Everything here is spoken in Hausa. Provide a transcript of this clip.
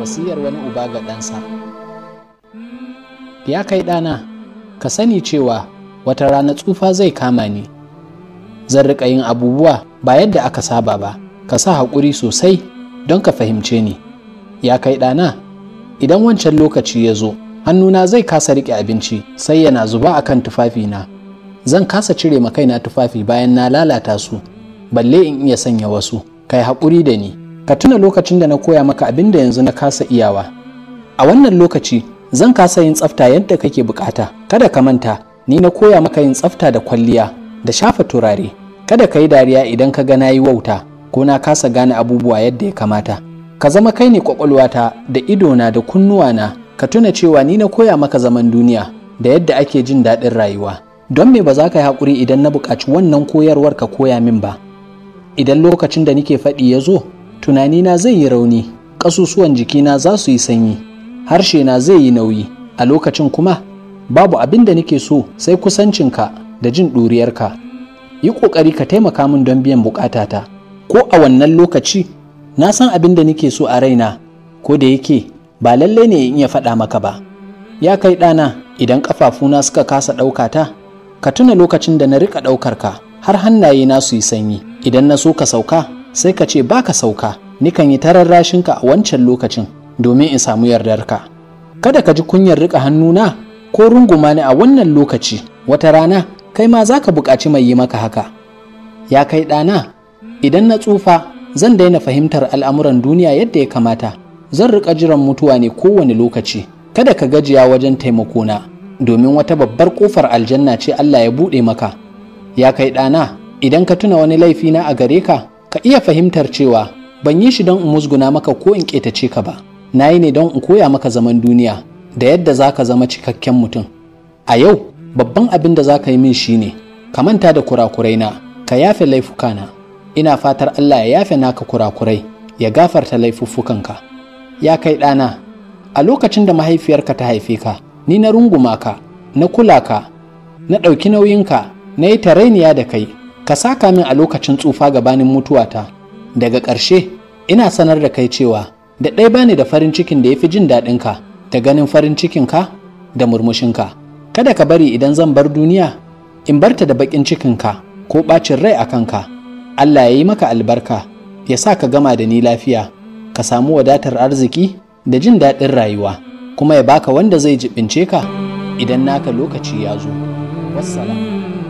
wasiyar wani uba ga ɗansa ya kai ɗana ka sani cewa wata rana tsufa zai kama ni zan riƙa yin abubuwa ba yadda aka saba ba ka sa haƙuri sosai don ka fahimce ni ya kai ɗana idan wancan lokaci ya zo hannuna zai kasa riƙe abinci sai yana zuba a kan tufafina zan kasa cire ma kaina tufafi bayan na lalata su balle in iya sanya wasu kai haƙuri da ni ka tuna lokacin da na koya maka abin da yanzu na kasa iyawa a wannan lokaci zan kasa yin tsafta yadda kake bukata kada ka manta ni na koya maka yin tsafta da kwalliya da shafa turare kada ka yi dariya idan ka ga na yi wauta ko na kasa gane abubuwa yadda ya kamata ka zama kai ne kwakwalwata da idona da kunnuwana ka tuna cewa ni na koya maka zaman duniya da yadda ake jin daɗin rayuwa don me ba za ka yi haƙuri idan na buƙaci wannan koyarwar ka koya min ba idan lokacin da nike faɗi ya zo Tunani na zai yi rauni ƙasusuwan jikina za su yi sanyi harshe na zai yi nauyi a lokacin kuma babu abin da nake so sai kusancinka da jin ɗuriyarka yi ƙoƙari ka taimaka min don biyan buƙatata ko a wannan lokaci na san abin da nake so a raina ko da yake ba lalle ne in ya faɗa maka ba ya kai ɗana idan ƙafafuna suka kasa ɗaukata ka tuna lokacin da na riƙa ɗaukar ka har hannaye na su yi sanyi idan na so ka sauka sai ka ce baka sauka ni kan yi ka a wancan lokacin domin in samu yardarka kada ka ji kunyar riƙa hannuna ko runguma ni a wannan lokaci wata rana kai ma za ka buƙaci mai yi maka haka ya kai ɗana idan na tsufa zan daina fahimtar al'amuran duniya yadda ya kamata zan riƙa jiran mutuwa ne kowane lokaci kada ka gajiya wajen taimakona domin wata babbar ƙofar aljanna ce Allah ya buɗe maka ya kai ɗana idan ka tuna wani laifina a gare ka ka iya fahimtar cewa ban yi shi don in musguna maka ko in ƙetace ka ba na yi ne don in koya maka zaman duniya da yadda za ka zama cikakken mutum a yau babban abin da za ka yi min shi ne ka manta da kurakurai na ka yafe laifukana ina fatar allah ya yafe naka kurakurai ya gafarta laifuffukanka ya kai ɗana a lokacin da mahaifiyarka ta haife ka ni na runguma ka na kula ka na ɗauki nauyinka na yi tarainiya da kai ka saka min a lokacin tsufa gabanin mutuwata daga ƙarshe ina sanar da kai cewa da ɗai bani da farin cikin da ya fi jin daɗinka da ganin farin cikinka da murmushinka kada ka bari idan zan bar duniya in barta da baƙin cikinka ko ɓacin rai a kanka allah ya yi maka albarka ya sa ka gama da ni lafiya ka samu wadatar arziki da jin daɗin rayuwa kuma ya baka wanda zai jibince ka idan naka lokaci ya zo wassalam